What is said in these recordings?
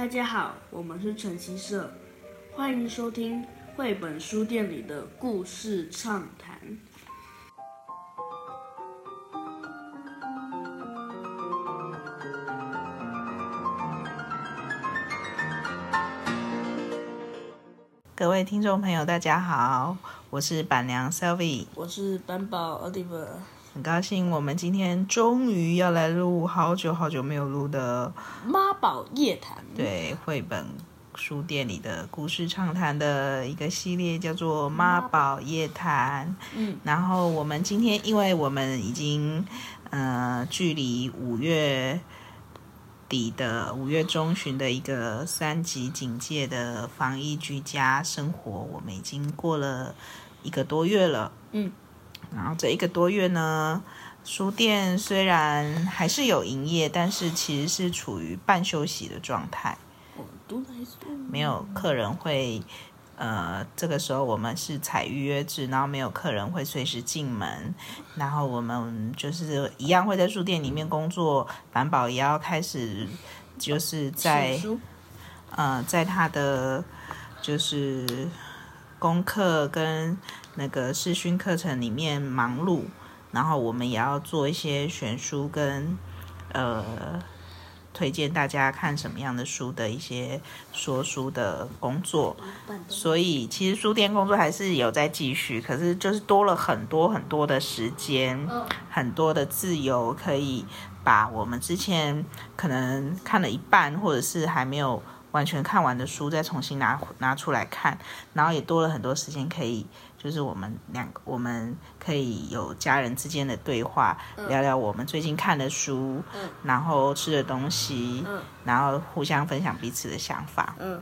大家好，我們是晨曦社，歡迎收聽繪本書店裡的故事暢談。各位聽眾朋友，大家好，我是闆娘 Selvi，我是闆寶 Oliver。很高興，我們今天終於要來錄，好久好久沒有錄的《媽寶夜談》。對，繪本書店裡的故事暢談的一個系列，叫做《媽寶夜談》。嗯，然後我們今天，因為我們已經呃，距離五月底的五月中旬的一個三級警戒的防疫居家生活，我們已經過了一個多月了。嗯。然後這一個多月呢，書店雖然還是有營業，但是其實是處於半休息的狀態。沒有客人會，呃，這個時候我們是採預約制，然後沒有客人會隨時進門。然後我們就是一樣會在書店裡面工作，闆寶也要開始就是在，書書呃，在他的就是。功課跟那個視訊課程裡面忙碌，然後我們也要做一些選書跟呃推薦大家看什麼樣的書的一些說書的工作，所以其實書店工作還是有在繼續，可是就是多了很多很多的時間，很多的自由，可以把我們之前可能看了一半或者是還沒有。完全看完的書，再重新拿拿出來看，然後也多了很多時間可以，就是我們兩個，我們可以有家人之間的對話，嗯、聊聊我們最近看的書，嗯、然後吃的東西、嗯，然後互相分享彼此的想法。嗯，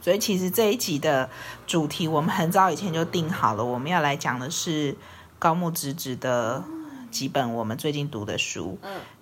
所以其實這一集的主題，我們很早以前就定好了，我們要來講的是高木直子的幾本我們最近讀的書。嗯。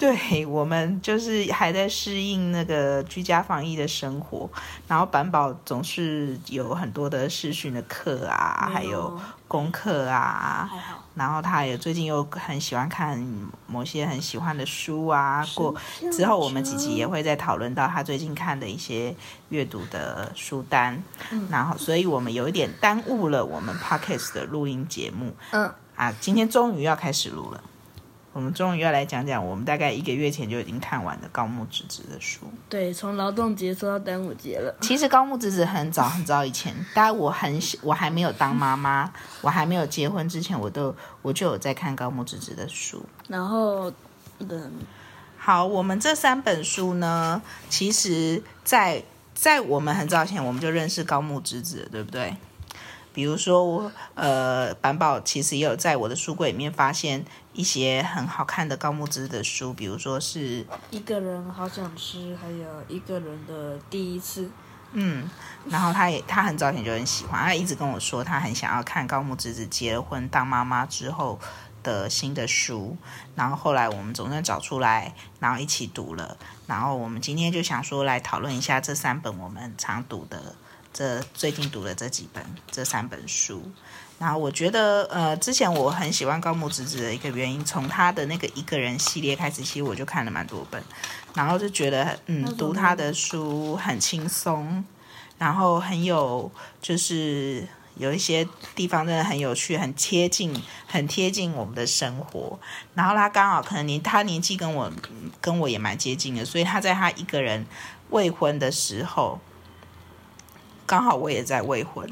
對，我們就是還在適應那個居家防疫的生活，然後闆寶總是有很多的視訊的課啊，有還有功課啊，好好，然後他也最近又很喜歡看某些很喜歡的書啊，過之後我們幾集也會再討論到他最近看的一些閱讀的書單，嗯，然後所以我們有一點耽誤了我們 Podcast 的錄音節目，嗯，啊，今天終於要開始錄了。我們終於要來講講我們大概一個月前就已經看完的高木直子的書。對，從勞動節說到端午節了。其實高木直子很早很早以前，當然我很我還沒有當媽媽，我還沒有結婚之前，我都我就有在看高木直子的書。然後，嗯，好，我們這三本書呢，其實在在我們很早前，我們就認識高木直子，對不對？比如說我呃，闆寶其實也有在我的書櫃裡面發現一些很好看的高木直子的書，比如說是《一個人好想吃》，還有《一個人的第一次》。嗯，然後他也他很早前就很喜歡，他一直跟我說他很想要看高木直子結了婚當媽媽之後的新的書。然後後來我們總算找出來，然後一起讀了。然後我們今天就想說來討論一下這三本我們常讀的。這最近讀了這幾本，這三本書，然後我覺得，呃，之前我很喜歡高木直子的一個原因，從她的那個一個人系列開始，其實我就看了蠻多本，然後就覺得，嗯，讀他的書很輕鬆，然後很有，就是有一些地方真的很有趣，很貼近，很貼近，很貼近我們的生活。然後他剛好可能年，他年紀跟我跟我也蠻接近的，所以他在他一個人未婚的時候，剛好我也在未婚，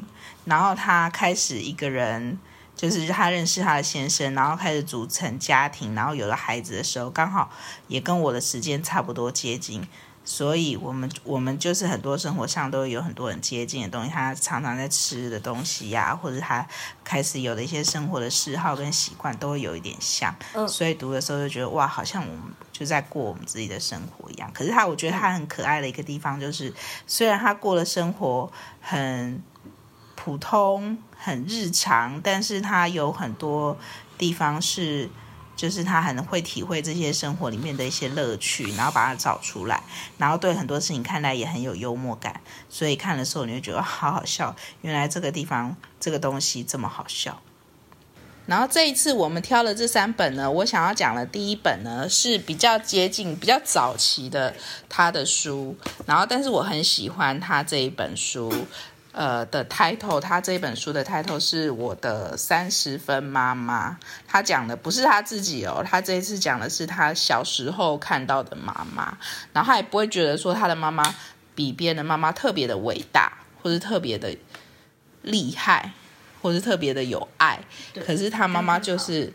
然後他開始一個人，就是他認識他的先生，然後開始組成家庭，然後有了孩子的時候，剛好也跟我的時間差不多接近。所以，我們我們就是很多生活上都有很多很接近的東西，他常常在吃的東西呀、啊，或者他開始有的一些生活的嗜好跟習慣，都會有一點像。所以讀的時候就覺得哇，好像我們就在過我們自己的生活一樣。可是他，我覺得他很可愛的一個地方就是，雖然他過的生活很普通、很日常，但是他有很多地方是。就是他很會體會這些生活裡面的一些樂趣，然後把它找出來，然後對很多事情看來也很有幽默感，所以看的時候你會覺得好好笑，原來這個地方這個東西這麼好笑。然後這一次我們挑了這三本呢，我想要講的第一本呢是比較接近比較早期的他的書，然後但是我很喜歡他這一本書。呃的 title，他這本書的 title 是我的三十分媽媽。他講的不是他自己哦，他這一次講的是他小時候看到的媽媽。然後他也不會覺得說他的媽媽比別人的媽媽特別的偉大，或是特別的厲害，或是特別的有愛。對。可是他媽媽就是剛剛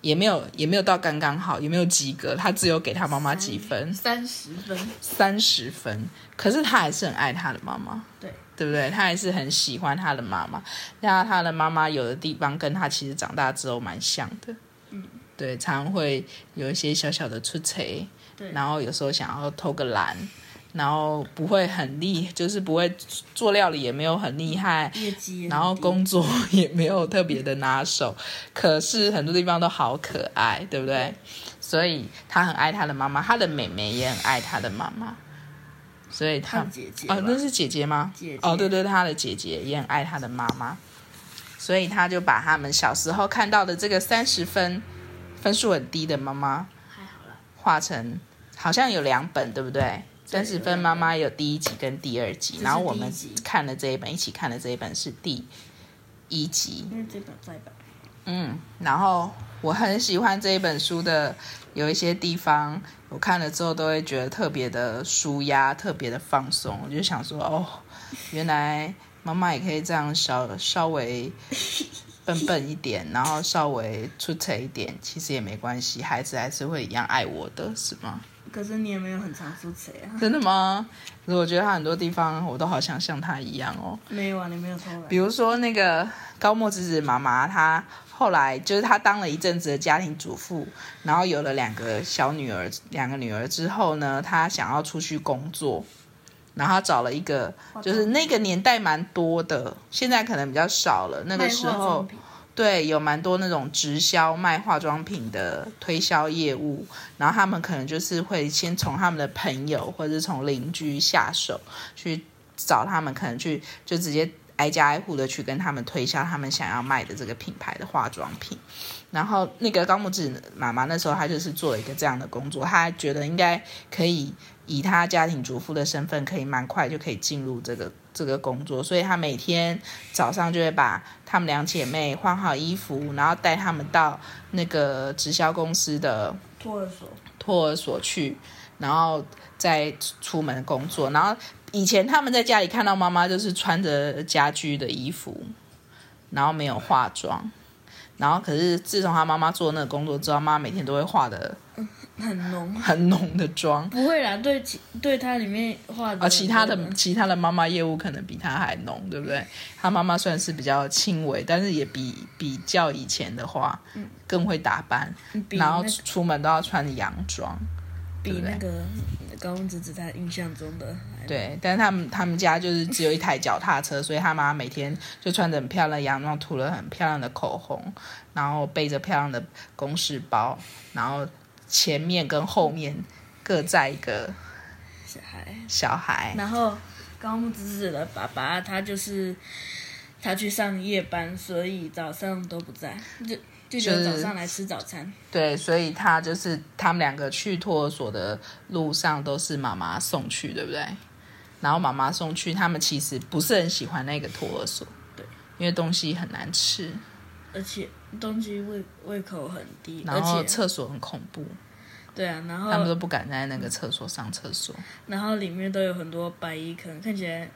也沒有也沒有到剛剛好，也沒有及格，他只有給他媽媽幾分，三十分，三十分。可是他還是很愛他的媽媽。對。對不對？他還是很喜歡他的媽媽，那他的媽媽有的地方跟他其實長大之後蠻像的。嗯、對，常常會有一些小小的出錯、嗯，然後有時候想要偷個懶，然後不會很厲，就是不會做料理也沒有很厲害，也很厲害，然後工作也沒有特別的拿手，可是很多地方都好可愛，對不對、嗯？所以他很愛他的媽媽，他的妹妹也很愛他的媽媽。所以她，啊、哦，那是姐姐嗎？姐姐哦，對對，她的姐姐也很愛她的媽媽，所以她就把他們小時候看到的這個三十分分數很低的媽媽，畫成好像有兩本，對不對？三十分媽媽有第一集跟第二集，集然後我們看了這一本，一起看的這一本是第一集，因為這本再版，嗯，然後。我很喜歡這一本書的有一些地方，我看了之後都會覺得特別的舒壓，特別的放鬆。我就想說，哦，原來媽媽也可以這樣稍，稍稍微笨笨一點，然後稍微出彩一點，其實也沒關係，孩子還是會一樣愛我的，是嗎？可是你也沒有很常主持呀？真的嗎？可是我覺得他很多地方我都好像像他一樣哦。沒有啊，你沒有說。比如說那個高木直子媽媽，她後來就是她當了一陣子的家庭主婦，然後有了兩個小女兒，兩個女兒之後呢，她想要出去工作，然後找了一個，就是那個年代蠻多的，現在可能比較少了。那個時候。對，有蠻多那種直銷賣化妝品的推銷業務，然後他們可能就是會先從他們的朋友或者是從鄰居下手，去找他們，可能去就直接挨家挨戶的去跟他們推銷他們想要賣的這個品牌的化妝品，然後那個高木直子媽媽那時候她就是做了一個這樣的工作，她覺得應該可以。以她家庭主婦的身份，可以蠻快就可以進入這個這個工作，所以她每天早上就會把他們兩姐妹換好衣服，然後帶他們到那個直銷公司的托兒所托兒所去，然後再出門工作。然後以前他們在家裡看到媽媽就是穿着家居的衣服，然後沒有化妝。然後，可是自從他媽媽做那個工作之後，媽媽每天都會化的很濃的、嗯、很濃的妝。不會啦，對其，對，他裡面化啊，其他的其他的媽媽業務可能比他還濃，對不對？他媽媽算是比較輕微，但是也比比較以前的話、嗯、更會打扮、嗯那個，然後出門都要穿洋裝，比那個對對比、那個、高木直子在印象中的。對，但是他們他們家就是只有一台腳踏車， 所以他媽每天就穿着很漂亮的洋裝，塗了很漂亮的口紅，然後背着漂亮的公事包，然後前面跟後面各載一個小孩小孩，小孩。然後高木直子的爸爸他就是他去上夜班，所以早上都不在，就就就早上來吃早餐，就是。對，所以他就是他們兩個去托兒所的路上都是媽媽送去，對不對？然後媽媽送去，他們其實不是很喜歡那個托兒所，對，因為東西很難吃，而且東西胃胃口很低，然後廁所很恐怖，對啊，然後他們都不敢在那個廁所上廁所，然後裡面都有很多白蟻，可能看起來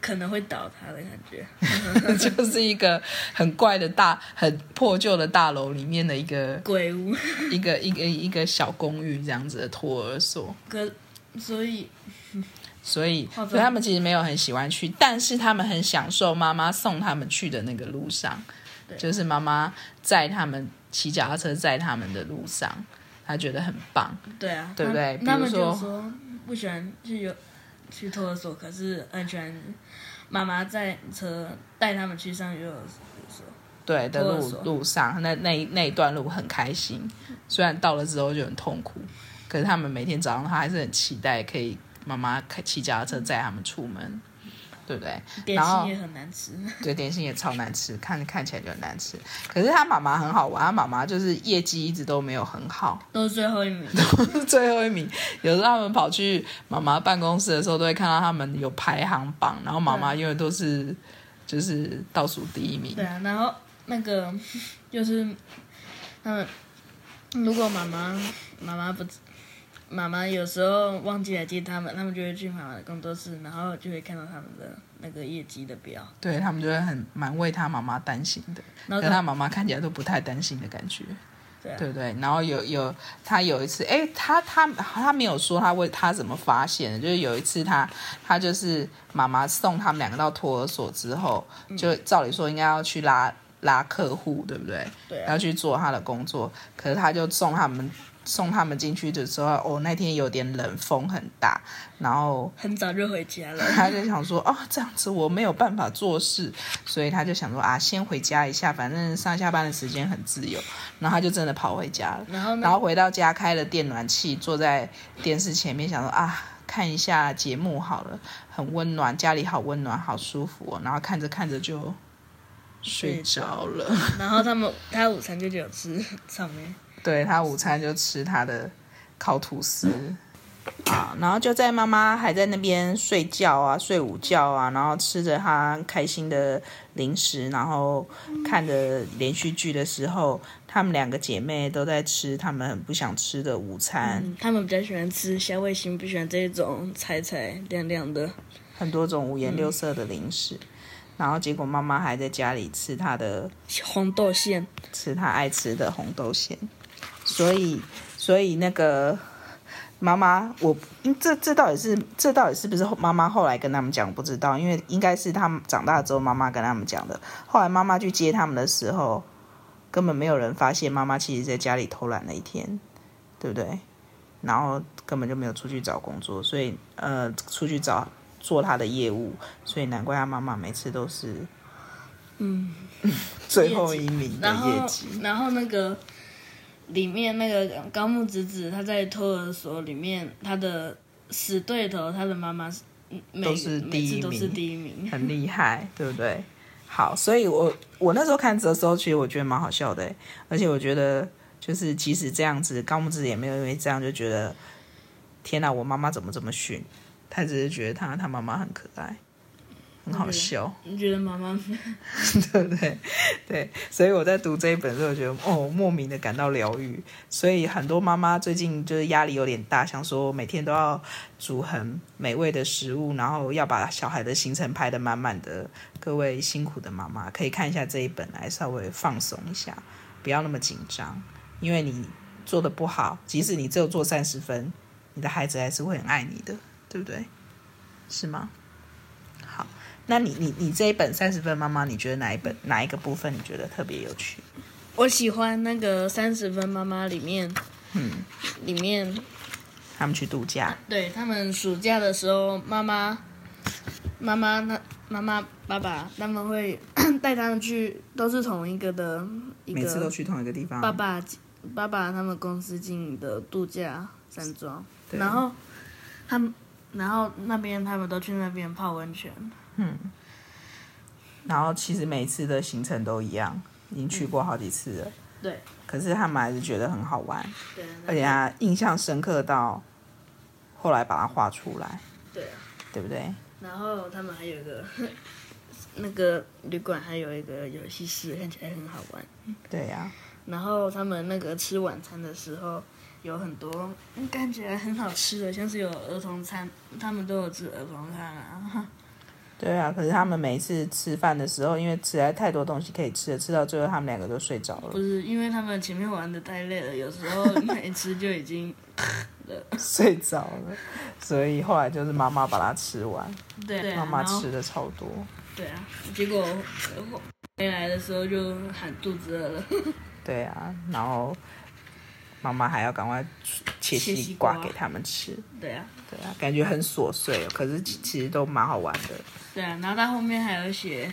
可能會倒塌的感覺， 就是一個很怪的大很破舊的大樓裡面的一個鬼屋， 一個一個一個小公寓這樣子的托兒所，可所以。 所以，所以他們其實沒有很喜歡去，但是他們很享受媽媽送他們去的那個路上，就是媽媽在他們騎腳踏車在他們的路上，他覺得很棒。對啊，對不對？他們，比如說，他們說不喜歡去游去托兒所，可是安全。媽媽在車帶他們去上幼兒對的路路上那那那一段路很開心。雖然到了之後就很痛苦，可是他們每天早上他還是很期待可以。媽媽開騎腳踏車載他們出門，對不對？點心也很難吃，然後，對，點心也超難吃，看看起來就很難吃。可是他媽媽很好玩，他媽媽就是業績一直都沒有很好，都是最後一名，都是最後一名。 有時候他們跑去媽媽辦公室的時候，都會看到他們有排行榜，然後媽媽因為都是、嗯、就是倒數第一名。對啊，然後那個就是，嗯，如果媽媽媽媽不知。媽媽有時候忘記來接他們，他們就會去媽媽的工作室，然後就會看到他們的那個業績的表。對，他們就會很蠻為他媽媽擔心的，但、okay. 他媽媽看起來都不太擔心的感覺，對、啊、對不對？然後有有他有一次，哎，他他他，他沒有說他為他怎麼發現的，就是有一次他他就是媽媽送他們兩個到托兒所之後，嗯、就照理說應該要去拉拉客戶，對不對？對、啊，要去做他的工作，可是他就送他們。送他們進去的時候，我、哦，那天有點冷，風很大，然後很早就回家了。他就想說，哦，這樣子我沒有辦法做事，所以他就想說，啊，先回家一下，反正上下班的時間很自由。然後他就真的跑回家了。然後，然後回到家，開了電暖器，坐在電視前面，想說，啊，看一下節目好了，很溫暖，家裡好溫暖，好舒服、哦、然後看着看着就睡着了。然後他們他午餐就只有吃草莓。對，他午餐就吃他的烤吐司、嗯、啊，然後就在媽媽還在那邊睡覺啊，睡午覺啊，然後吃着他開心的零食，然後看着連續劇的時候，他、嗯、們兩個姐妹都在吃他們很不想吃的午餐、嗯。他們比較喜歡吃蝦味先，不喜歡這種彩彩亮亮的，很多種五顏六色的零食、嗯。然後結果媽媽還在家裡吃她的紅豆餡，吃她愛吃的紅豆餡。所以，所以那個媽媽，我這這到底是這到底是不是媽媽後來跟他們講？不知道，因為應該是他們長大之後，媽媽跟他們講的。後來媽媽去接他們的時候，根本沒有人發現媽媽其實在家裡偷懶了一天，對不對？然後根本就沒有出去找工作，所以呃，出去找做他的業務，所以難怪他媽媽每次都是嗯最後一名的業績。然後，然後那個。裡面那個高木直子，子，她在托兒所裡面，她的死對頭，她的媽媽是第一每每都是第一名，很厲害，對不對？好，所以我我那時候看的時候，其實我覺得蠻好笑的，而且我覺得就是其實這樣子，高木子也沒有因為這樣就覺得，天哪，我媽媽怎麼這麼兇，他只是覺得他他媽媽很可愛。很好笑，你覺得媽媽 對不對？對，所以我在讀這一本的時候，我覺得哦，莫名的感到療癒。所以很多媽媽最近就是壓力有點大，想說每天都要煮很美味的食物，然後要把小孩的行程排得滿滿的。各位辛苦的媽媽，可以看一下這一本，來稍微放鬆一下，不要那麼緊張。因為你做得不好，即使你只有做三十分，你的孩子還是會很愛你的，對不對？是嗎？那你你你這一本《三十分媽媽》，你覺得哪一本哪一個部分你覺得特別有趣？我喜歡那個《三十分媽媽》裡面，嗯，裡面他們去度假，啊、對他們暑假的時候，媽媽媽媽那媽媽爸爸他們會帶 他們去，都是同一個的，每次都去同一個地方。爸爸爸爸他們公司經營的度假山莊，然後他們然後那邊他們都去那邊泡溫泉。嗯，然後其實每次的行程都一樣，已經去過好幾次了。嗯、對，可是他們還是覺得很好玩，對啊就是、而且他印象深刻到後來把它畫出來。對啊，對不對？然後他們還有一個那個旅館，還有一個遊戲室，看起來很好玩。對呀、啊。然後他們那個吃晚餐的時候，有很多感覺很好吃的，像是有兒童餐，他們都有吃兒童餐啊。對啊，可是他們每一次吃飯的時候，因為實在太多東西可以吃了，吃到最後他們兩個都睡着了。不是因為他們前面玩得太累了，有時候沒吃就已經 睡着了。所以後來就是媽媽把它吃完，對啊，媽媽吃的超多。對啊，對啊，結果回來，來的時候就喊肚子餓了。 對啊，然後。媽媽還要趕快切西瓜給他們吃。對啊，對啊，感覺很瑣碎，可是其實都蠻好玩的。對啊，然後他後面還有寫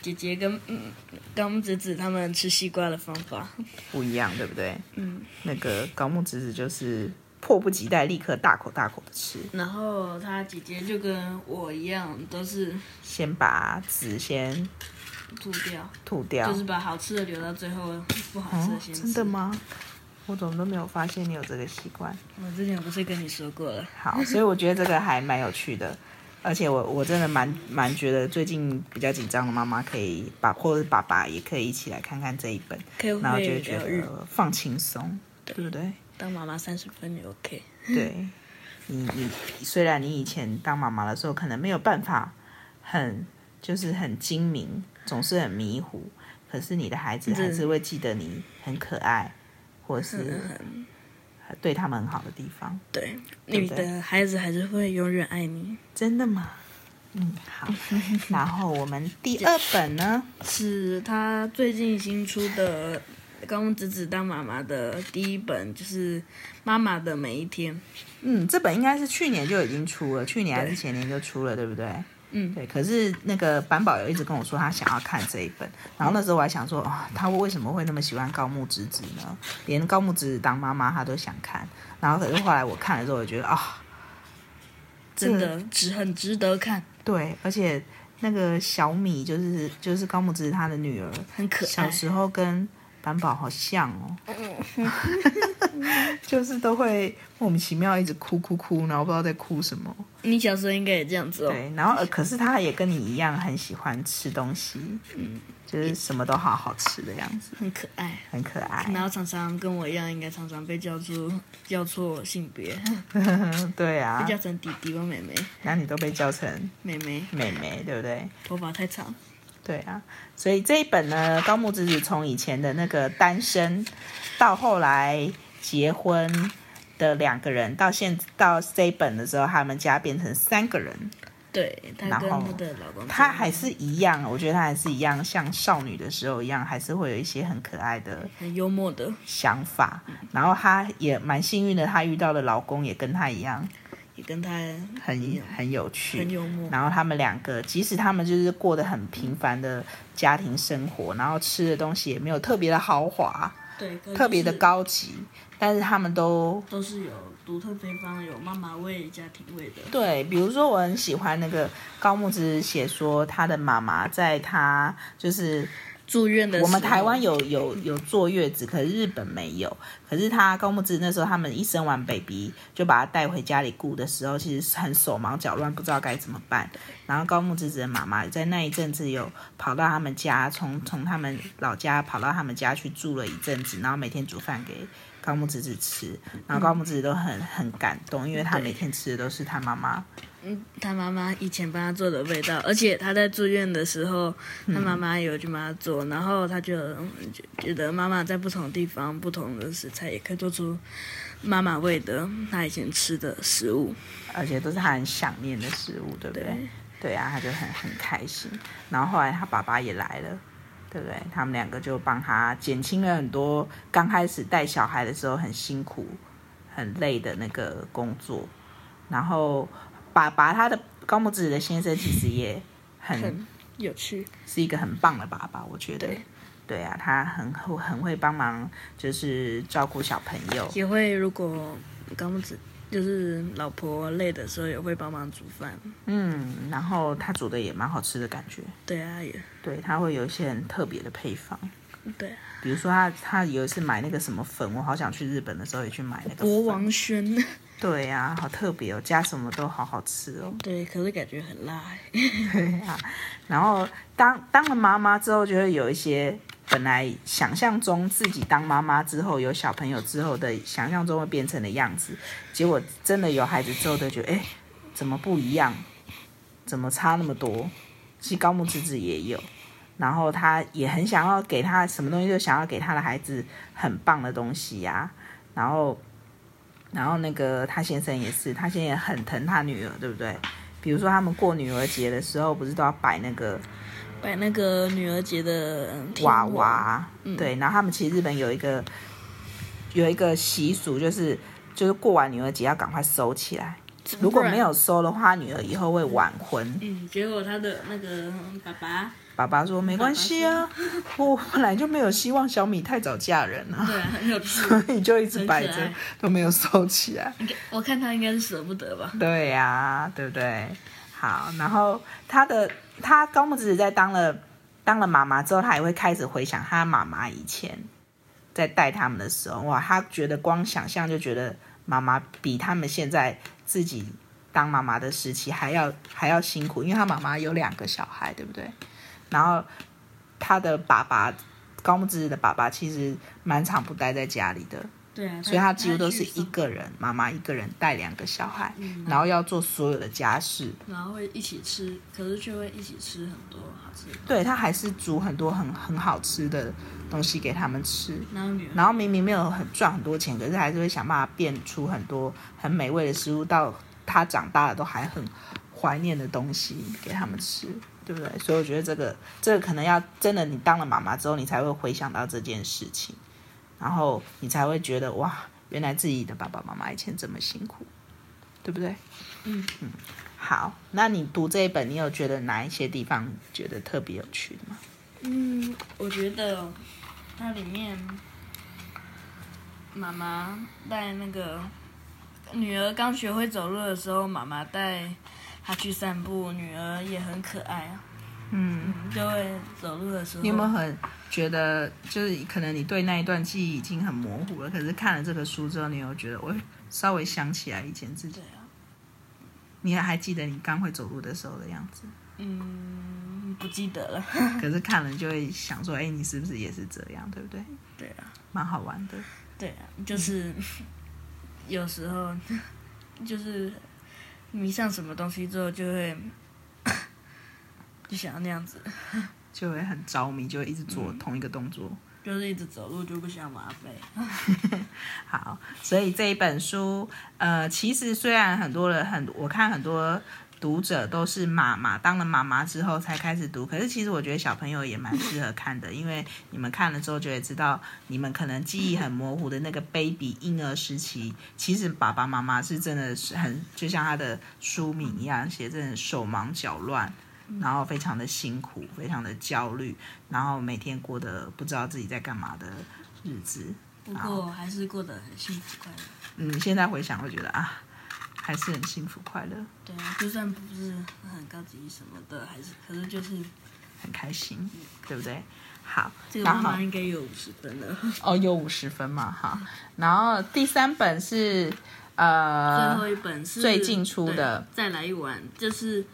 姐姐跟、嗯、高木直子他們吃西瓜的方法不一樣，對不對？嗯。那個高木直子就是迫不及待，立刻大口大口的吃。然後他姐姐就跟我一樣，都是先把籽先吐掉，吐掉，就是把好吃的留到最後，不好吃的先吃。哦、真的嗎？我怎麼都沒有發現你有這個習慣。我之前不是跟你說過了？ 好，所以我覺得這個還蠻有趣的，而且我我真的蠻蠻覺得最近比較緊張的媽媽可以把或者爸爸也可以一起來看看這一本，然後就覺得放輕鬆對，對不對？當媽媽三十分也 OK。對，你你雖然你以前當媽媽的時候可能沒有辦法很就是很精明，總是很迷糊，可是你的孩子還是會記得你很可愛。或是對他們很好的地方，對，你的孩子還是會永遠愛你，真的嗎？嗯，好。 然後我們第二本呢，是他最近新出的《高木直子當媽媽》的第一本，就是《媽媽的每一天》。嗯，這本應該是去年就已經出了，去年還是前年就出了，對不對？對。嗯，對。可是那個板寶有一直跟我說他想要看這一本，然後那時候我還想說，啊，他為什麼會那麼喜歡高木直子呢？連高木直子當媽媽他都想看，然後可是後來我看了之後，我就覺得啊，哦，真的值，真的值，很值得看。對，而且那個小米就是就是高木直子她的女兒，很可愛，小時候跟板寶好像哦。嗯。 就是都會莫名其妙一直哭哭哭，然後不知道在哭什麼。你小時候應該也這樣子哦。對，然後可是他也跟你一樣很喜歡吃東西，嗯，就是什麼都好好吃的樣子，很可愛，很可愛。然後常常跟我一樣，應該常常被叫做叫錯性別。 對啊，被叫成弟弟或妹妹。那你都被叫成妹妹，妹妹對不對？頭髮太長。對啊，所以這一本呢，高木直子從以前的那個單身，到後來。結婚的兩個人到現在到 C 本的時候，他們家變成三個人。對，他然後他還是一樣，我覺得他還是一樣，像少女的時候一樣，還是會有一些很可愛的、很幽默的想法。然後他也蠻幸運的，他遇到的老公也跟他一樣，也跟他很很有趣很幽默，然後他們兩個，即使他們就是過得很平凡的家庭生活，然後吃的東西也沒有特別的豪華，對，就是，特別的高級。但是他們都都是有獨特配方，有媽媽味、家庭味的。對，比如說我很喜歡那個高木子寫說，他的媽媽在他就是住院的時候，我們台灣有有有坐月子，可是日本沒有。可是他高木子那時候，他們一生完 baby 就把他帶回家裡顧的時候，其實很手忙腳亂，不知道該怎麼辦。然後高木直子的媽媽在那一陣子有跑到他們家，從從他們老家跑到他們家去住了一陣子，然後每天煮飯給。高木直子吃，然後高木直子都很、嗯、很感動，因為她每天吃的都是她媽媽，嗯，她媽媽以前幫她做的味道，而且她在住院的時候，她媽媽也有去幫她做，嗯、然後她就，就覺得媽媽在不同地方、不同的食材也可以做出媽媽味的，她以前吃的食物，而且都是她很想念的食物，對不對？對，對啊，她就很很開心，然後後來她爸爸也來了。對不對？他們兩個就幫他減輕了很多剛開始帶小孩的時候很辛苦，很累的那個工作，然後爸爸他的高木直子的先生其實也很，很有趣，是一個很棒的爸爸，我覺得。對。對啊，他很會很會幫忙，就是照顧小朋友。也會如果高木子。就是老婆累的時候，也會幫忙煮飯。嗯，然後他煮的也蠻好吃的感覺。對啊，也。對，他會有一些很特別的配方。對啊，比如說他他有一次買那個什麼粉，我好想去日本的時候也去買那個。國王軒。對啊，好特別哦，加什麼都好好吃哦。對，可是感覺很辣 對啊，然後當當了媽媽之後，就會有一些。本來想象中自己當媽媽之後有小朋友之後的想象中會變成的樣子，結果真的有孩子之後都覺得，哎，怎麼不一樣？怎麼差那麼多？其實高木直子也有，然後他也很想要給他什麼東西，就想要給他的孩子很棒的東西呀、啊。然後，然後那個他先生也是，他現在很疼他女兒，對不對？比如說他們過女兒節的時候，不是都要擺那個？擺那個女兒節的娃娃、嗯，對，然後他們其實日本有一個有一個習俗，就是就是過完女兒節要趕快收起來、嗯，如果沒有收的話，女兒以後會晚婚。嗯，結果他的那個爸爸，爸爸說、嗯、沒關係啊爸爸，我本來就沒有希望小米太早嫁人啊，對啊，所以 就一直擺着都沒有收起來。我看他應該是捨不得吧？對呀、啊，對不對？好，然後他的他高木直子在當了當了媽媽之後，他也會開始回想他媽媽以前在帶他們的時候，哇，他覺得光想象就覺得媽媽比他們現在自己當媽媽的時期還要還要辛苦，因為他媽媽有兩個小孩，對不對？然後他的爸爸，高木直子的爸爸其實蠻常不待在家裡的。對啊，所以他幾乎都是一個人，媽媽一個人帶兩個小孩，嗯，然後要做所有的家事，然後會一起吃，可是卻會一起吃很多好吃的。對，他還是煮很多很很好吃的東西給他們吃。然後，然後明明沒有很賺很多錢，可是還是會想辦法變出很多很美味的食物，到他長大了都還很懷念的東西給他們吃，對不對？所以我覺得這個這個可能要真的你當了媽媽之後，你才會回想到這件事情。然後你才會覺得哇，原來自己的爸爸媽媽以前這麼辛苦，對不對？嗯，嗯，好，那你讀這一本，你有覺得哪一些地方覺得特別有趣的嗎？嗯，我覺得那裡面媽媽帶那個女兒剛學會走路的時候，媽媽帶她去散步，女兒也很可愛啊。嗯，嗯，就會走路的時候。你們很。覺得就是可能你對那一段記憶已經很模糊了，可是看了這個書之後，你又覺得我稍微想起來以前自己對啊，你還,還記得你剛會走路的時候的樣子？嗯，不記得了。 可是看了就會想說，哎、欸，你是不是也是這樣，對不對？對啊，蠻好玩的。對啊，就是、嗯、有時候就是迷上什麼東西之後，就會就想要那樣子。就會很着迷，就會一直做同一個動作，嗯，就是一直走路，就不想麻煩。 好，所以這一本書，呃，其實雖然很多人很，我看很多讀者都是媽媽當了媽媽之後才開始讀，可是其實我覺得小朋友也蠻適合看的， 因為你們看了之後就會知道，你們可能記憶很模糊的那個 baby 嬰兒時期，其實爸爸媽媽是真的是很，就像他的書名一樣寫的，手忙腳亂。然後非常的辛苦，非常的焦慮，然後每天過得不知道自己在幹嘛的日子。不過還是過得很幸福快樂。嗯，現在回想會覺得啊，還是很幸福快樂。對啊，就算不是很高級什麼的，還是可是就是很開心，嗯，對不對？好，這個媽媽應該有五十分了。哦，有五十分嘛哈。然後第三本是呃，最後一本是最近出的，再來一碗就是。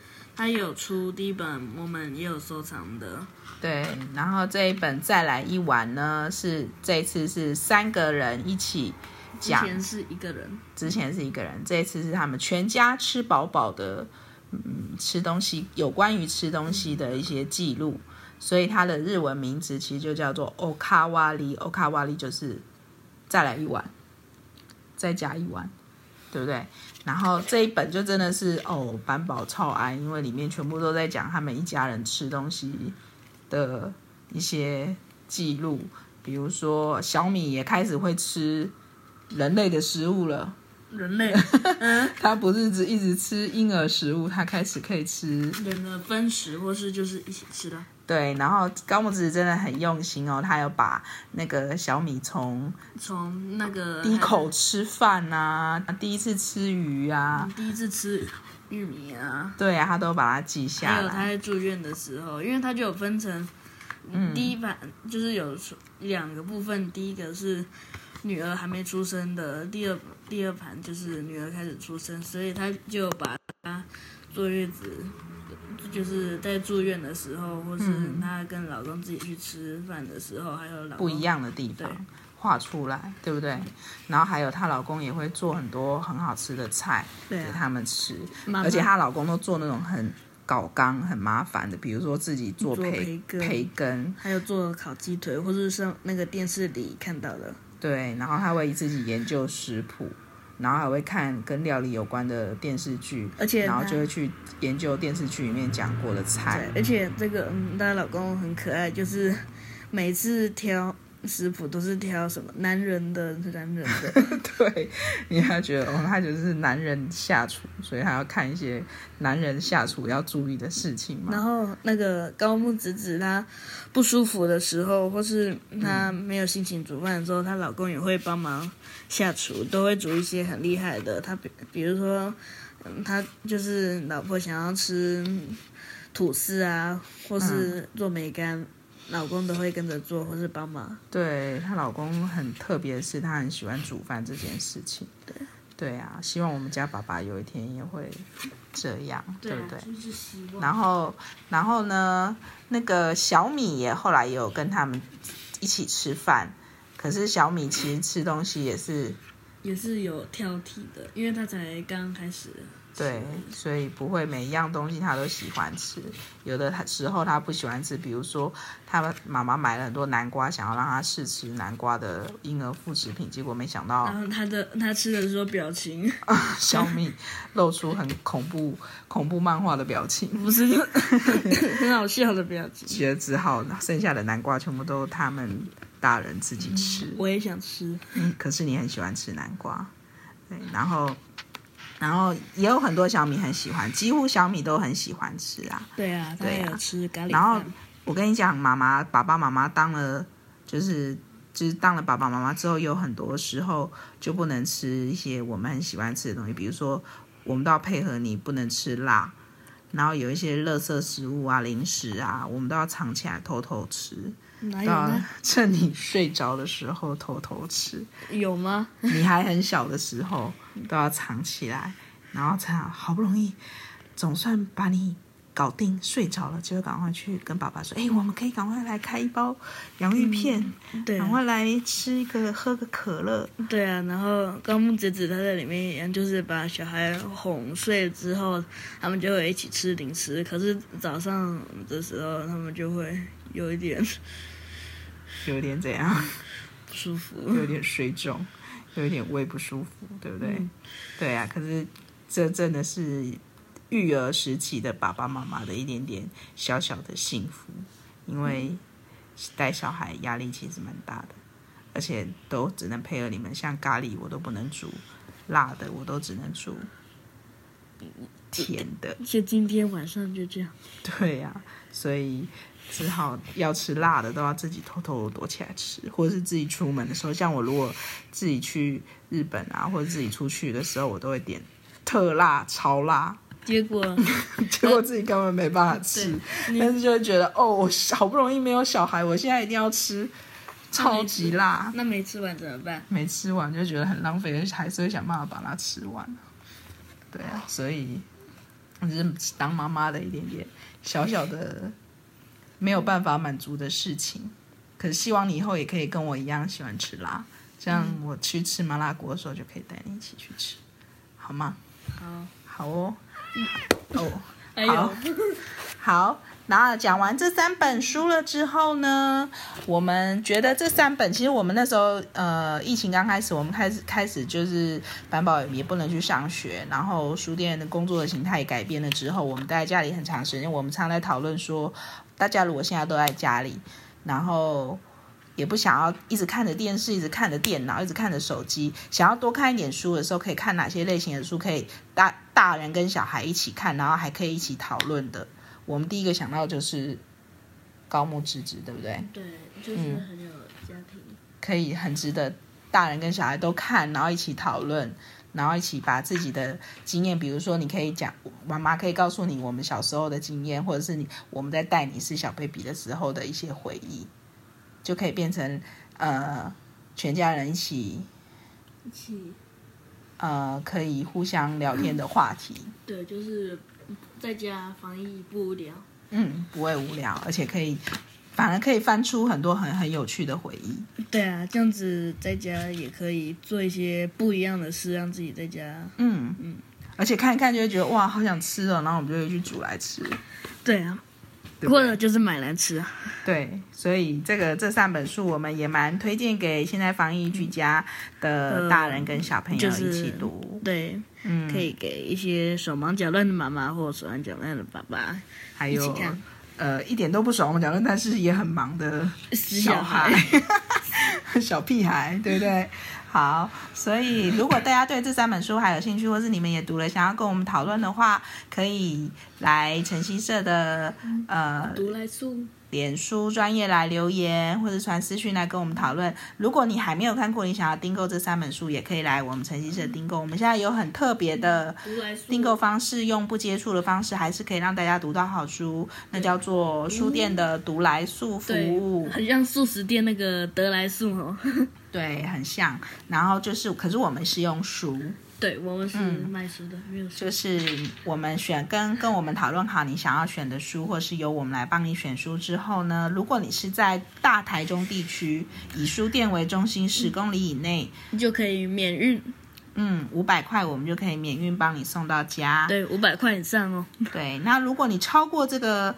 他有出第一本，我們也有收藏的。對，然後這一本再來一碗呢，是這次是三個人一起講，之前是一個人。之前是一個人，這一次是他們全家吃飽飽的，嗯，吃東西，有關於吃東西的一些記錄，所以它的日文名字其實就叫做“おかわり”。おかわり就是再來一碗，再加一碗。對不對？然後這一本就真的是哦，闆寶超愛，因為裡面全部都在講他們一家人吃東西的一些記錄，比如說小米也開始會吃人類的食物了。人類？嗯、 他不是只一直吃嬰兒食物，他開始可以吃人的分食，或是就是一起吃的。對，然後高木子真的很用心哦，他有把那個小米從從那個第一口吃飯啊，第一次吃魚啊，第一次吃玉米啊，對啊，他都把它記下來。還有他在住院的時候，因為他就有分成第一盤，就是有兩個部分，嗯，第一個是女兒還沒出生的，第二第二盤就是女兒開始出生，所以他就把它坐月子。就是在住院的時候，或是她跟老公自己去吃飯的時候，嗯、還有老公不一樣的地方畫出來，對不對？然後還有她老公也會做很多很好吃的菜，啊、給他們吃，而且她老公都做那種很搞剛、很麻煩的，比如說自己做培、做培根、培根，還有做烤雞腿，或是上那個電視裡看到的。對，然後她會自己研究食譜。然後還會看跟料理有關的電視劇，而且然後就會去研究電視劇裡面講過的菜。而且這個嗯，她老公很可愛，就是每次挑食譜都是挑什麼男人的男人的。人的 對，因為他覺得哦，他就是男人下廚，所以還要看一些男人下廚要注意的事情嘛。然後那個高木直子她不舒服的時候，或是她沒有心情煮飯的時候，她、嗯、老公也會幫忙。下廚都會煮一些很厲害的，他比比如說，他就是老婆想要吃吐司啊，或是做梅乾，嗯、老公都會跟着做或是幫忙。對，她老公很特別是，他很喜歡煮飯這件事情。對，對啊，希望我們家爸爸有一天也會這樣，對啊，對不對？就是。然後，然後呢，那個小米也後來也有跟他們一起吃飯。可是小米其實吃東西也是，也是有挑剔的，因為他才剛開始。對，所以不會每一樣東西他都喜歡吃，有的他時候他不喜歡吃，比如說他媽媽買了很多南瓜，想要讓他試吃南瓜的嬰兒副食品，結果沒想到，他的他吃的時候表情，啊、小米 露出很恐怖恐怖漫畫的表情，不是 很好笑的表情，也只好剩下的南瓜全部都他們大人自己吃。嗯，我也想吃，嗯，可是你很喜歡吃南瓜，對，然後。然後也有很多小米很喜歡，幾乎小米都很喜歡吃啊。對啊，對啊，吃。然後我跟你講，媽媽、爸爸、媽媽當了，就是就是當了爸爸媽媽之後，有很多時候就不能吃一些我們很喜歡吃的東西，比如說我們都要配合你不能吃辣，然後有一些垃圾食物啊、零食啊，我們都要藏起來偷偷吃，到趁你睡着的時候偷偷吃。有嗎？你還很小的時候。都要藏起來，然後才好，好不容易，總算把你搞定睡着了，就趕快去跟爸爸說：“哎、欸，我們可以趕快來開一包洋芋片，嗯、對、啊，趕快來吃一個，喝個可樂。”對啊，然後高木姐姐她在裡面一樣，就是把小孩哄睡了之後，他們就會一起吃零食。可是早上的時候，他們就會有一點，有點這樣，不舒服，有點水腫。有點胃不舒服，對不對？嗯。對啊，可是這真的是育兒時期的爸爸媽媽的一點點小小的幸福，因為帶小孩壓力其實蠻大的，而且都只能配合你們，像咖喱我都不能煮，辣的我都只能煮。甜的，就今天晚上就這樣。對呀、啊，所以只好要吃辣的都要自己偷偷躲起來吃，或者是自己出門的時候，像我如果自己去日本啊，或者自己出去的時候，我都會點特辣、超辣，結果 結果自己根本沒辦法吃，但是就會覺得哦，我好不容易沒有小孩，我現在一定要吃超級辣，那沒吃完怎麼辦？沒吃完就覺得很浪費，還是會想辦法把它吃完。對啊，所以我只是當媽媽的一點點小小的沒有辦法滿足的事情，可是希望你以後也可以跟我一樣喜歡吃辣，這樣我去吃麻辣鍋的時候就可以帶你一起去吃，好嗎？好，好哦， 哦，好，好。好然後講完這三本書了之後呢，我們覺得這三本其實我們那時候呃疫情剛開始，我們開始開始就是闆寶也不能去上學，然後書店的工作的形態也改變了之後，我們待在家裡很長時間，我們常在討論說，大家如果現在都在家裡，然後也不想要一直看着電視，一直看着電腦，一直看着手機，想要多看一點書的時候，可以看哪些類型的書，可以大大人跟小孩一起看，然後還可以一起討論的。我們第一個想到的就是高木直子，對不對？對，就是很有家庭，嗯，可以很值得大人跟小孩都看，然後一起討論，然後一起把自己的經驗，比如說你可以講媽媽可以告訴你我們小時候的經驗，或者是你我們在帶你是小 baby 的時候的一些回憶，就可以變成呃全家人一起一起呃可以互相聊天的話題。嗯，對，就是。在家防疫不無聊，嗯，不會無聊，而且可以，反而可以翻出很多很很有趣的回憶。對啊，這樣子在家也可以做一些不一樣的事，讓自己在家，嗯嗯，而且看一看就會覺得哇，好想吃哦，然後我們就會去煮來吃。對啊對，或者就是買來吃。對，所以這個這三本書我們也蠻推薦給現在防疫居家的大人跟小朋友一起讀。嗯，就是，對。嗯，可以給一些手忙腳亂的媽媽，或手忙腳亂的爸爸，還有呃，一點都不手忙腳亂，但是也很忙的小孩，小孩 小屁孩， 對不對？ 好，所以如果大家對這三本書還有興趣，或是你們也讀了，想要跟我們討論的話，可以來晨曦社的呃讀來速臉書專頁來留言，或是傳私訊來跟我們討論。如果你還沒有看過，你想要訂購這三本書，也可以來我們晨曦社訂購，嗯。我們現在有很特別的訂購方式，用不接觸的方式，還是可以讓大家讀到好書，那叫做書店的讀來速服務，嗯，很像素食店那個得來速哦。對，很像。然後就是，可是我們是用書，對，我們是賣書的，嗯，沒有書，就是我們選跟跟我們討論好你想要選的書，或是由我們來幫你選書之後呢，如果你是在大台中地區以書店為中心十 公里以內，你就可以免運，嗯，五百塊我們就可以免運幫你送到家。對，五百塊以上哦。 對，那如果你超過這個。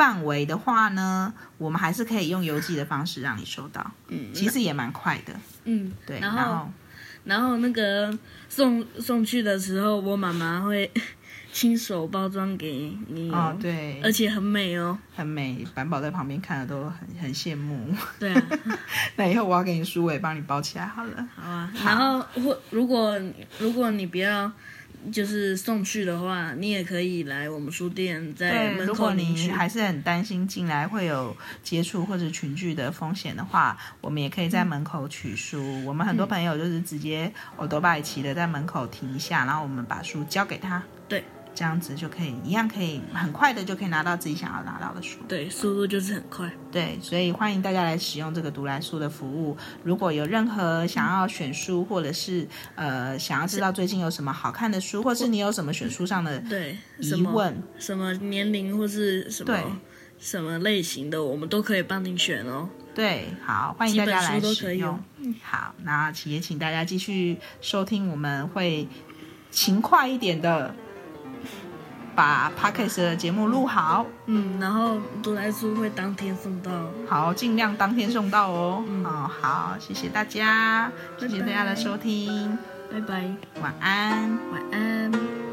範圍的話呢，我們還是可以用郵寄的方式讓你收到，嗯，其實也蠻快的，嗯，對。然後，然後，然後那個送送去的時候，我媽媽會親手包裝給你，哦對，而且很美哦，很美，闆寶在旁邊看了都很很羨慕。對啊， 那以後我要給你書衣，幫你包起來好了。好啊。好，然後，如果如果你不要。就是送去的話，你也可以來我們書店在門口取。如果你還是很擔心進來會有接觸或者群聚的風險的話，我們也可以在門口取書。嗯、我們很多朋友就是直接，我都拜齊的在門口停一下，嗯，然後我們把書交給他。對。這樣子就可以，一樣可以很快的就可以拿到自己想要拿到的書。對，速度就是很快。對，所以歡迎大家來使用這個讀來書的服務。如果有任何想要選書，或者是呃想要知道最近有什麼好看的書，或是你有什麼選書上的對疑問，對，什，什麼年齡或是什麼什麼類型的，我們都可以幫您選哦。對，好，歡迎大家來使用。嗯，好，那也請大家繼續收聽，我們會勤快一點的。把 Podcast 的節目錄好，嗯，然後讀來書會當天送到，好，盡量當天送到哦。嗯、好好，謝謝大家拜拜，謝謝大家的收聽，拜拜，晚安，晚安。